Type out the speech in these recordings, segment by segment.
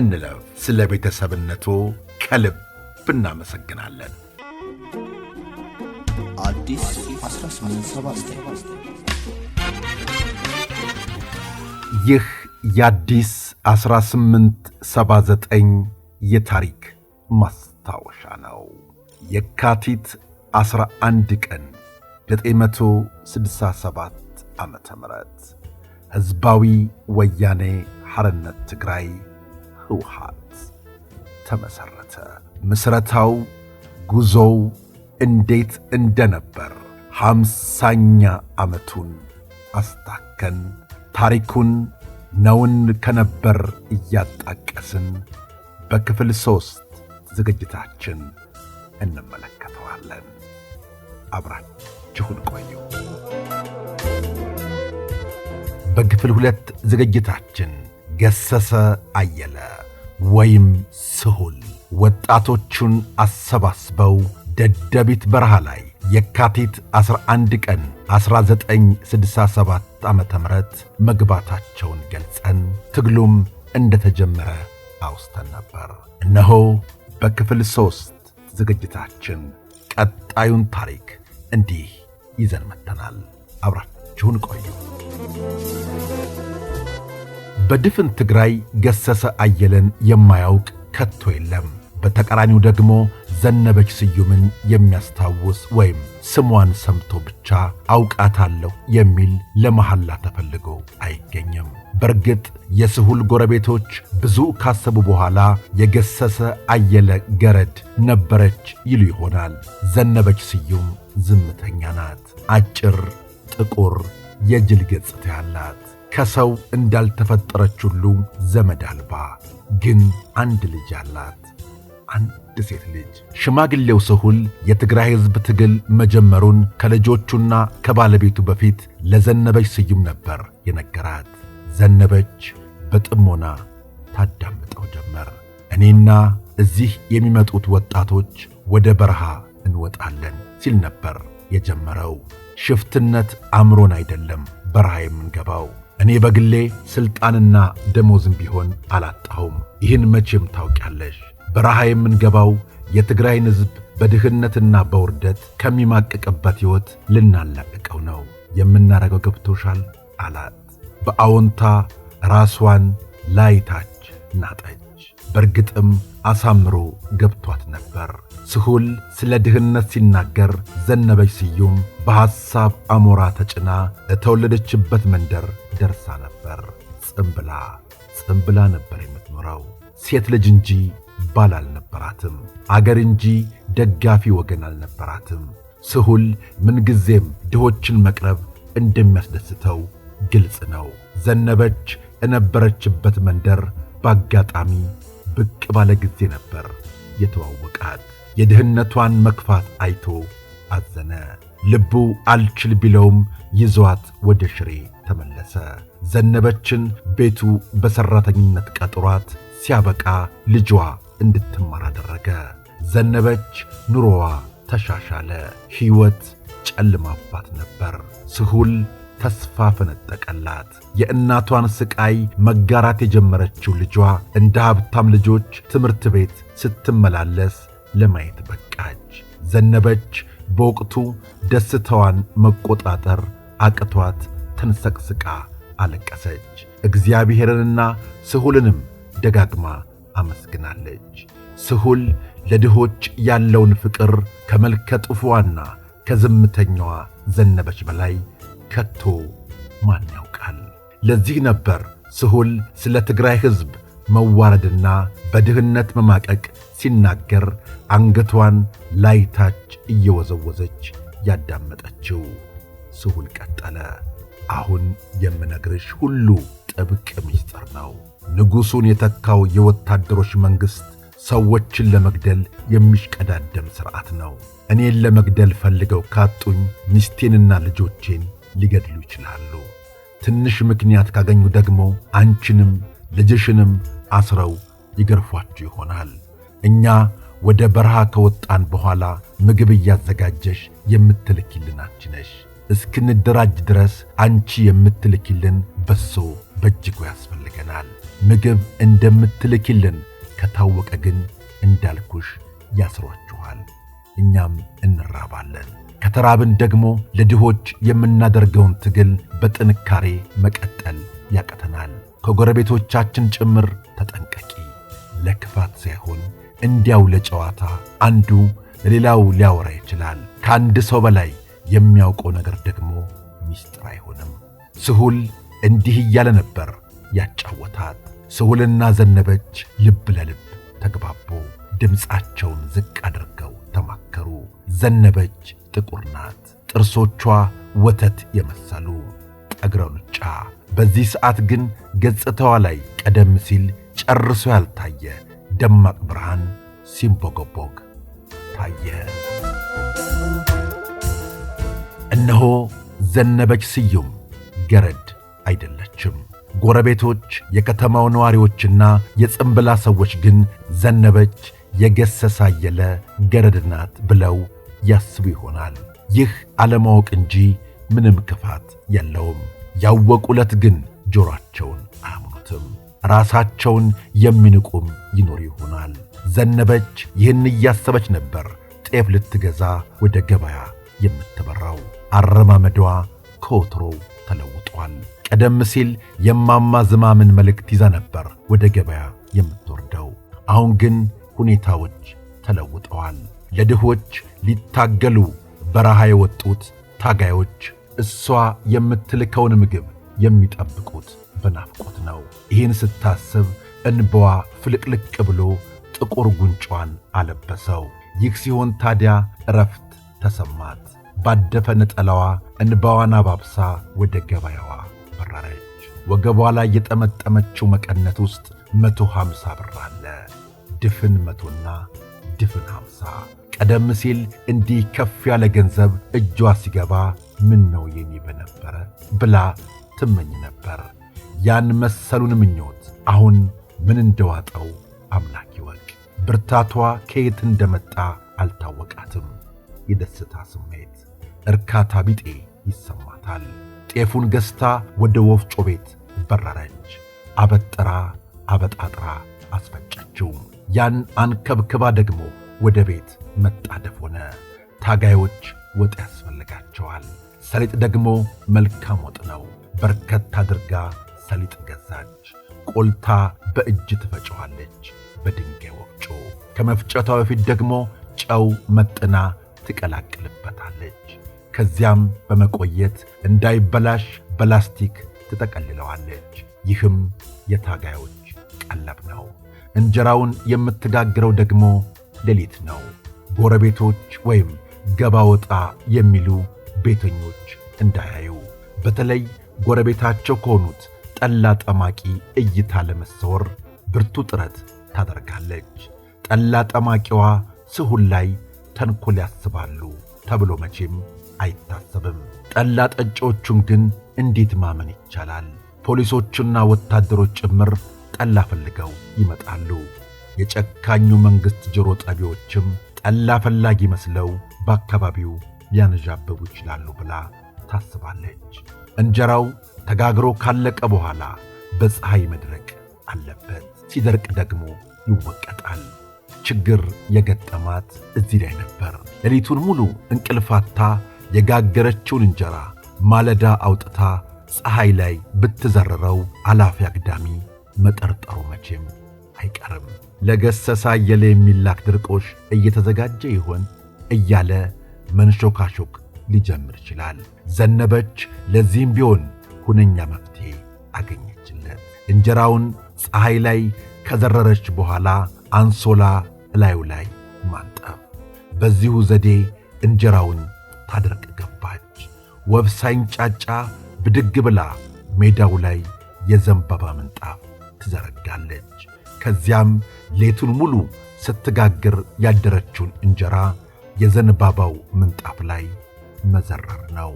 እንለፍ። ስለ ቤተሰብነቱ ከልብ እናመሰግናለን። ይህ የአዲስ 1879 የታሪክ ማስታወሻ ነው። የካቲት 11 ቀን 967 ዓ ም ሕዝባዊ ወያኔ ሐርነት ትግራይ ህውሃት ተመሠረተ። ምስረታው ጉዞው እንዴት እንደነበር ሃምሳኛ ዓመቱን አስታከን ታሪኩን ነውን ከነበር እያጣቀስን በክፍል ሦስት ዝግጅታችን እንመለከተዋለን። አብራችሁን ቆዩ። በክፍል ሁለት ዝግጅታችን ገሰሰ አየለ ወይም ስሁል ወጣቶቹን አሰባስበው ደደቢት በረሃ ላይ የካቲት 11 ቀን 1967 ዓ ም መግባታቸውን ገልጸን ትግሉም እንደተጀመረ አውስተን ነበር። እነሆ በክፍል ሦስት ዝግጅታችን ቀጣዩን ታሪክ እንዲህ ይዘን መጥተናል። አብራችሁን ቆዩ። በድፍን ትግራይ ገሰሰ አየለን የማያውቅ ከቶ የለም። በተቃራኒው ደግሞ ዘነበች ስዩምን የሚያስታውስ ወይም ስሟን ሰምቶ ብቻ አውቃታለሁ የሚል ለመሐላ ተፈልጎ አይገኝም። በእርግጥ የስሁል ጎረቤቶች ብዙ ካሰቡ በኋላ የገሰሰ አየለ ገረድ ነበረች ይሉ ይሆናል። ዘነበች ስዩም ዝምተኛ ናት። አጭር፣ ጥቁር የጅል ገጽታ ያላት ከሰው እንዳልተፈጠረች ሁሉ ዘመድ አልባ ግን አንድ ልጅ አላት። አንድ ሴት ልጅ። ሽማግሌው ስሁል የትግራይ ሕዝብ ትግል መጀመሩን ከልጆቹና ከባለቤቱ በፊት ለዘነበች ስዩም ነበር የነገራት። ዘነበች በጥሞና ታዳምጠው ጀመር። እኔና እዚህ የሚመጡት ወጣቶች ወደ በረሃ እንወጣለን ሲል ነበር የጀመረው። ሽፍትነት አምሮን አይደለም በረሃ የምንገባው እኔ በግሌ ሥልጣንና ደሞዝም ቢሆን አላጣሁም። ይህን መቼም ታውቂያለሽ። በረሃ የምንገባው የትግራይን ሕዝብ በድህነትና በውርደት ከሚማቅቅበት ሕይወት ልናላቅቀው ነው። የምናረገው ገብቶሻል አላት። በአዎንታ ራስዋን ላይታች ናጠች። በእርግጥም አሳምሮ ገብቷት ነበር። ስሁል ስለ ድህነት ሲናገር ዘነበች ስዩም በሐሳብ አሞራ ተጭና ለተወለደችበት መንደር ደርሳ ነበር። ጽምብላ ጽምብላ ነበር የምትኖረው። ሴት ልጅ እንጂ ባል አልነበራትም። አገር እንጂ ደጋፊ ወገን አልነበራትም። ስሁል ምንጊዜም ድሆችን መቅረብ እንደሚያስደስተው ግልጽ ነው። ዘነበች እነበረችበት መንደር በአጋጣሚ ብቅ ባለ ጊዜ ነበር የተዋወቃት። የድህነቷን መክፋት አይቶ አዘነ። ልቡ አልችል ቢለውም ይዟት ወደ ሽሬ ተመለሰ። ዘነበችን ቤቱ በሠራተኝነት ቀጥሯት ሲያበቃ ልጇ እንድትማር አደረገ። ዘነበች ኑሮዋ ተሻሻለ። ሕይወት ጨልማባት ነበር። ስሁል ተስፋ ፈነጠቀላት። የእናቷን ስቃይ መጋራት የጀመረችው ልጇ እንደ ሀብታም ልጆች ትምህርት ቤት ስትመላለስ ለማየት በቃች። ዘነበች በወቅቱ ደስታዋን መቆጣጠር አቅቷት ተንሰቅስቃ አለቀሰች። እግዚአብሔርንና ስሁልንም ደጋግማ አመስግናለች። ስሁል ለድሆች ያለውን ፍቅር ከመልከ ጥፉዋና ከዝምተኛዋ ዘነበች በላይ ከቶ ማን ያውቃል? ለዚህ ነበር ስሁል ስለ ትግራይ ሕዝብ መዋረድና በድህነት መማቀቅ ሲናገር አንገቷን ላይታች እየወዘወዘች ያዳመጠችው። ስሁል ቀጠለ። አሁን የምነግርሽ ሁሉ ጥብቅ ምስጢር ነው። ንጉሡን የተካው የወታደሮች መንግሥት ሰዎችን ለመግደል የሚሽቀዳደም ሥርዓት ነው። እኔን ለመግደል ፈልገው ካጡኝ ሚስቴንና ልጆቼን ሊገድሉ ይችላሉ። ትንሽ ምክንያት ካገኙ ደግሞ አንቺንም ልጅሽንም አስረው ይገርፏችሁ ይሆናል። እኛ ወደ በረሃ ከወጣን በኋላ ምግብ እያዘጋጀሽ የምትልኪልን አንቺ ነሽ። እስክንደራጅ ድረስ አንቺ የምትልኪልን በሶ በእጅጉ ያስፈልገናል። ምግብ እንደምትልኪልን ከታወቀ ግን እንዳልኩሽ ያስሯችኋል፣ እኛም እንራባለን። ከተራብን ደግሞ ለድሆች የምናደርገውን ትግል በጥንካሬ መቀጠል ያቅተናል። ከጎረቤቶቻችን ጭምር ተጠንቀቂ። ለክፋት ሳይሆን እንዲያው ለጨዋታ አንዱ ለሌላው ሊያወራ ይችላል። ከአንድ ሰው በላይ የሚያውቀው ነገር ደግሞ ሚስጥር አይሆንም። ስሁል እንዲህ እያለ ነበር ያጫወታት። ስሁልና ዘነበች ልብ ለልብ ተግባቦ ድምፃቸውን ዝቅ አድርገው ዘነበች ጥቁር ናት። ጥርሶቿ ወተት የመሰሉ ሉጫ! በዚህ ሰዓት ግን ገጽታዋ ላይ ቀደም ሲል ጨርሶ ያልታየ ደማቅ ብርሃን ሲንቦገቦግ ታየ። እነሆ ዘነበች ስዩም ገረድ አይደለችም። ጎረቤቶች፣ የከተማው ነዋሪዎችና የጽንብላ ሰዎች ግን ዘነበች የገሰሳየለ ገረድናት ገረድ ናት ብለው ያስቡ ይሆናል። ይህ አለማወቅ እንጂ ምንም ክፋት የለውም። ያወቁ ግን ጆሮአቸውን አያምኑትም። ራሳቸውን የሚንቁም ይኖር ይሆናል። ዘነበች ይህን እያሰበች ነበር ጤፍ ልትገዛ ወደ ገበያ የምትበራው። አረማመዷ ከወትሮው ተለውጧል። ቀደም ሲል የማማ ዝማምን መልእክት ይዛ ነበር ወደ ገበያ የምትወርደው። አሁን ግን ሁኔታዎች ተለውጠዋል። ለድሆች ሊታገሉ በረሃ የወጡት ታጋዮች እሷ የምትልከውን ምግብ የሚጠብቁት በናፍቆት ነው። ይህን ስታስብ እንባዋ ፍልቅልቅ ብሎ ጥቁር ጉንጯን አለበሰው። ይህ ሲሆን ታዲያ እረፍት ተሰማት። ባደፈ ነጠላዋ እንባዋን አባብሳ ወደ ገበያዋ በረረች። ወገቧ ላይ የጠመጠመችው መቀነት ውስጥ መቶ ሀምሳ ብር አለ። ድፍን መቶና ድፍን ሀምሳ ቀደም ሲል እንዲህ ከፍ ያለ ገንዘብ እጇ ሲገባ ምን ነው የኔ በነበረ ብላ ትመኝ ነበር። ያን መሰሉን ምኞት አሁን ምን እንደዋጠው አምላክ ይወቅ። ብርታቷ ከየት እንደመጣ አልታወቃትም። የደስታ ስሜት እርካታ ቢጤ ይሰማታል። ጤፉን ገዝታ ወደ ወፍጮ ቤት በረረች። አበጥራ አበጣጥራ አስፈጨችው። ያን አንከብክባ ደግሞ ወደ ቤት መጣደፍ ሆነ። ታጋዮች ወጥ ያስፈልጋቸዋል። ሰሊጥ ደግሞ መልካም ወጥ ነው። በርከት አድርጋ ሰሊጥ ገዛች። ቆልታ በእጅ ትፈጨዋለች በድንጋይ ወፍጮ። ከመፍጨቷ በፊት ደግሞ ጨው መጥና ትቀላቅልበታለች። ከዚያም በመቆየት እንዳይበላሽ በላስቲክ ትጠቀልለዋለች። ይህም የታጋዮች ቀለብ ነው። እንጀራውን የምትጋግረው ደግሞ ሌሊት ነው። ጎረቤቶች ወይም ገባ ወጣ የሚሉ ቤተኞች እንዳያዩ፣ በተለይ ጎረቤታቸው ከሆኑት ጠላ ጠማቂ እይታ ለመሰወር ብርቱ ጥረት ታደርጋለች። ጠላ ጠማቂዋ ስሁን ላይ ተንኮል ያስባሉ ተብሎ መቼም አይታሰብም። ጠላ ጠጪዎቹን ግን እንዴት ማመን ይቻላል? ፖሊሶችና ወታደሮች ጭምር ጠላ ፈልገው ይመጣሉ። የጨካኙ መንግሥት ጆሮ ጠቢዎችም ጠላ ፈላጊ መስለው በአካባቢው ሊያንዣብቡ ይችላሉ ብላ ታስባለች። እንጀራው ተጋግሮ ካለቀ በኋላ በፀሐይ መድረቅ አለበት። ሲደርቅ ደግሞ ይወቀጣል። ችግር የገጠማት እዚህ ላይ ነበር። ሌሊቱን ሙሉ እንቅልፋታ የጋገረችውን እንጀራ ማለዳ አውጥታ ፀሐይ ላይ ብትዘርረው አላፊ አግዳሚ መጠርጠሩ መቼም አይቀርም። ለገሰሳ አየለ የሚላክ ድርቆሽ እየተዘጋጀ ይሆን እያለ መንሾካሾክ ሊጀምር ይችላል። ዘነበች ለዚህም ቢሆን ሁነኛ መፍትሄ አገኘችለት። እንጀራውን ፀሐይ ላይ ከዘረረች በኋላ አንሶላ እላዩ ላይ ማንጠፍ። በዚሁ ዘዴ እንጀራውን ታደርቅ ገባች። ወብሳኝ ጫጫ ብድግ ብላ ሜዳው ላይ የዘንባባ ምንጣፍ ትዘረጋለች። ከዚያም ሌቱን ሙሉ ስትጋግር ያደረችውን እንጀራ የዘንባባው ምንጣፍ ላይ መዘረር ነው።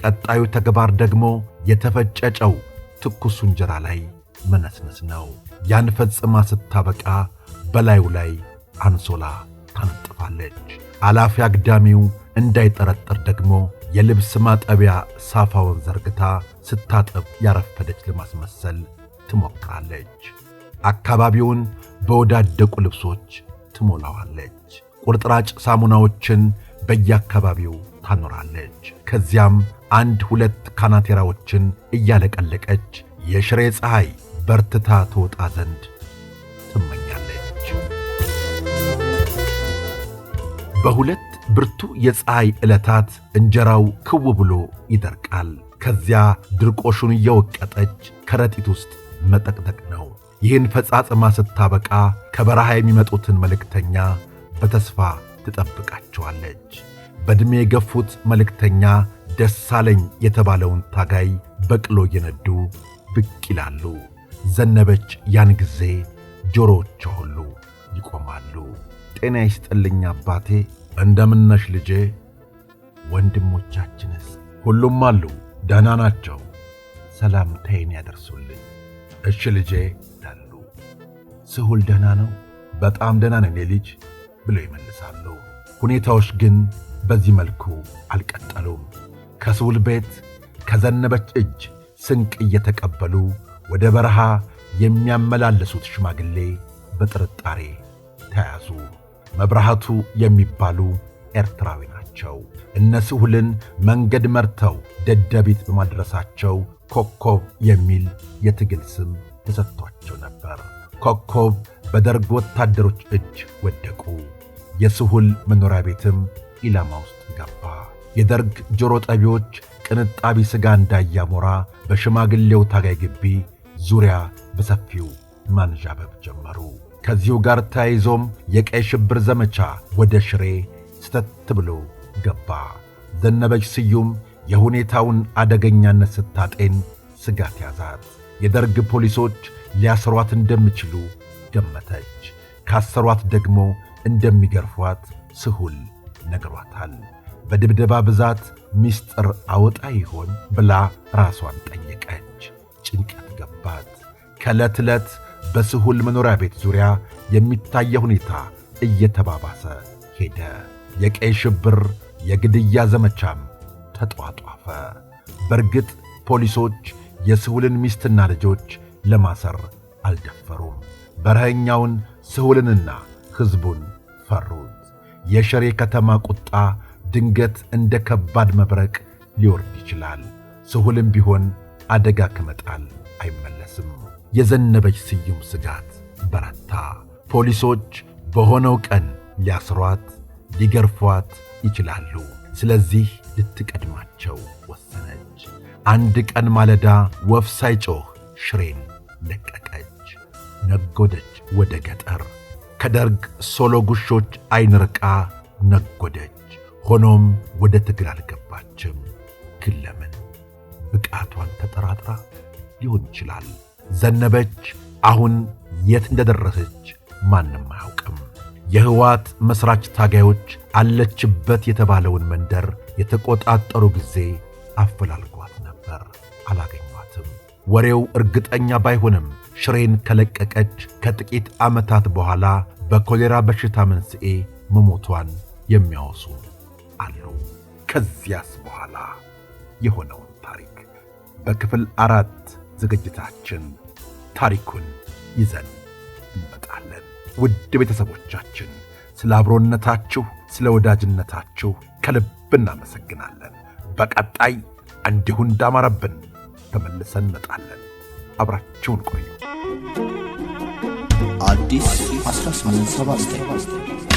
ቀጣዩ ተግባር ደግሞ የተፈጨጨው ትኩሱ እንጀራ ላይ መነስነስ ነው። ያን ፈጽማ ስታበቃ በላዩ ላይ አንሶላ ታነጥፋለች። አላፊ አግዳሚው እንዳይጠረጠር ደግሞ የልብስ ማጠቢያ ሳፋውን ዘርግታ ስታጠብ ያረፈደች ለማስመሰል ትሞክራለች። አካባቢውን በወዳደቁ ልብሶች ትሞላዋለች። ቁርጥራጭ ሳሙናዎችን በየአካባቢው ታኖራለች። ከዚያም አንድ ሁለት ካናቴራዎችን እያለቀለቀች የሽሬ ፀሐይ በርትታ ትወጣ ዘንድ ትመኛለች። በሁለት ብርቱ የፀሐይ ዕለታት እንጀራው ክው ብሎ ይደርቃል። ከዚያ ድርቆሹን እየወቀጠች ከረጢት ውስጥ መጠቅጠቅ ነው። ይህን ፈጻጽማ ስታበቃ ከበረሃ የሚመጡትን መልእክተኛ በተስፋ ትጠብቃቸዋለች። በዕድሜ የገፉት መልእክተኛ ደሳለኝ የተባለውን ታጋይ በቅሎ እየነዱ ብቅ ይላሉ። ዘነበች ያን ጊዜ ጆሮዎቿ ሁሉ ይቆማሉ። ጤና ይስጥልኝ አባቴ። እንደምነሽ ልጄ? ወንድሞቻችንስ? ሁሉም አሉ፣ ደህና ናቸው። ሰላምታዬን ያደርሱልኝ። እሺ ልጄ ስሁል ደህና ነው፣ በጣም ደህና ነው እኔ ልጅ ብሎ ይመልሳሉ። ሁኔታዎች ግን በዚህ መልኩ አልቀጠሉም። ከስሁል ቤት ከዘነበች እጅ ስንቅ እየተቀበሉ ወደ በረሃ የሚያመላለሱት ሽማግሌ በጥርጣሬ ተያዙ። መብርሃቱ የሚባሉ ኤርትራዊ ናቸው። እነ ስሁልን መንገድ መርተው ደደቢት በማድረሳቸው ኮከብ የሚል የትግል ስም ተሰጥቷቸው ነበር። ኮከብ በደርግ ወታደሮች እጅ ወደቁ። የስሁል መኖሪያ ቤትም ኢላማ ውስጥ ገባ። የደርግ ጆሮ ጠቢዎች ቅንጣቢ ሥጋ እንዳያሞራ በሽማግሌው ታጋይ ግቢ ዙሪያ በሰፊው ማንዣበብ ጀመሩ። ከዚሁ ጋር ተያይዞም የቀይ ሽብር ዘመቻ ወደ ሽሬ ስተት ብሎ ገባ። ዘነበች ስዩም የሁኔታውን አደገኛነት ስታጤን ስጋት ያዛት። የደርግ ፖሊሶች ሊያሰሯት እንደሚችሉ ገመተች። ካሰሯት ደግሞ እንደሚገርፏት ስሁል ነግሯታል። በድብደባ ብዛት ምስጢር አወጣ ይሆን ብላ ራሷን ጠየቀች። ጭንቀት ገባት። ከዕለት ዕለት በስሁል መኖሪያ ቤት ዙሪያ የሚታየ ሁኔታ እየተባባሰ ሄደ። የቀይ ሽብር የግድያ ዘመቻም ተጧጧፈ። በእርግጥ ፖሊሶች የስሁልን ሚስትና ልጆች ለማሰር አልደፈሩም። በረኸኛውን ስሁልንና ሕዝቡን ፈሩት። የሽሬ ከተማ ቁጣ ድንገት እንደ ከባድ መብረቅ ሊወርድ ይችላል። ስሁልም ቢሆን አደጋ ከመጣል አይመለስም። የዘነበች ስዩም ስጋት በረታ። ፖሊሶች በሆነው ቀን ሊያስሯት፣ ሊገርፏት ይችላሉ። ስለዚህ ልትቀድማቸው ወሰነች። አንድ ቀን ማለዳ ወፍ ሳይጮህ ሽሬን ለቀቀች ነጎደች። ወደ ገጠር ከደርግ ሶሎ ጉሾች አይን ርቃ ነጎደች። ሆኖም ወደ ትግል አልገባችም። ግን ለምን? ብቃቷን ተጠራጥራ ሊሆን ይችላል። ዘነበች አሁን የት እንደደረሰች ማንም አያውቅም። የህወሓት መሥራች ታጋዮች አለችበት የተባለውን መንደር የተቆጣጠሩ ጊዜ አፈላልጓት ነበር፣ አላገኘ ወሬው እርግጠኛ ባይሆንም ሽሬን ከለቀቀች ከጥቂት ዓመታት በኋላ በኮሌራ በሽታ መንስኤ መሞቷን የሚያወሱ አሉ። ከዚያስ በኋላ የሆነውን ታሪክ በክፍል አራት ዝግጅታችን ታሪኩን ይዘን እንመጣለን። ውድ ቤተሰቦቻችን ስለ አብሮነታችሁ፣ ስለ ወዳጅነታችሁ ከልብ እናመሰግናለን። በቀጣይ እንዲሁ እንዳማረብን ተመልሰን እንመጣለን። አብራችሁን ቆዩ። አዲስ 1879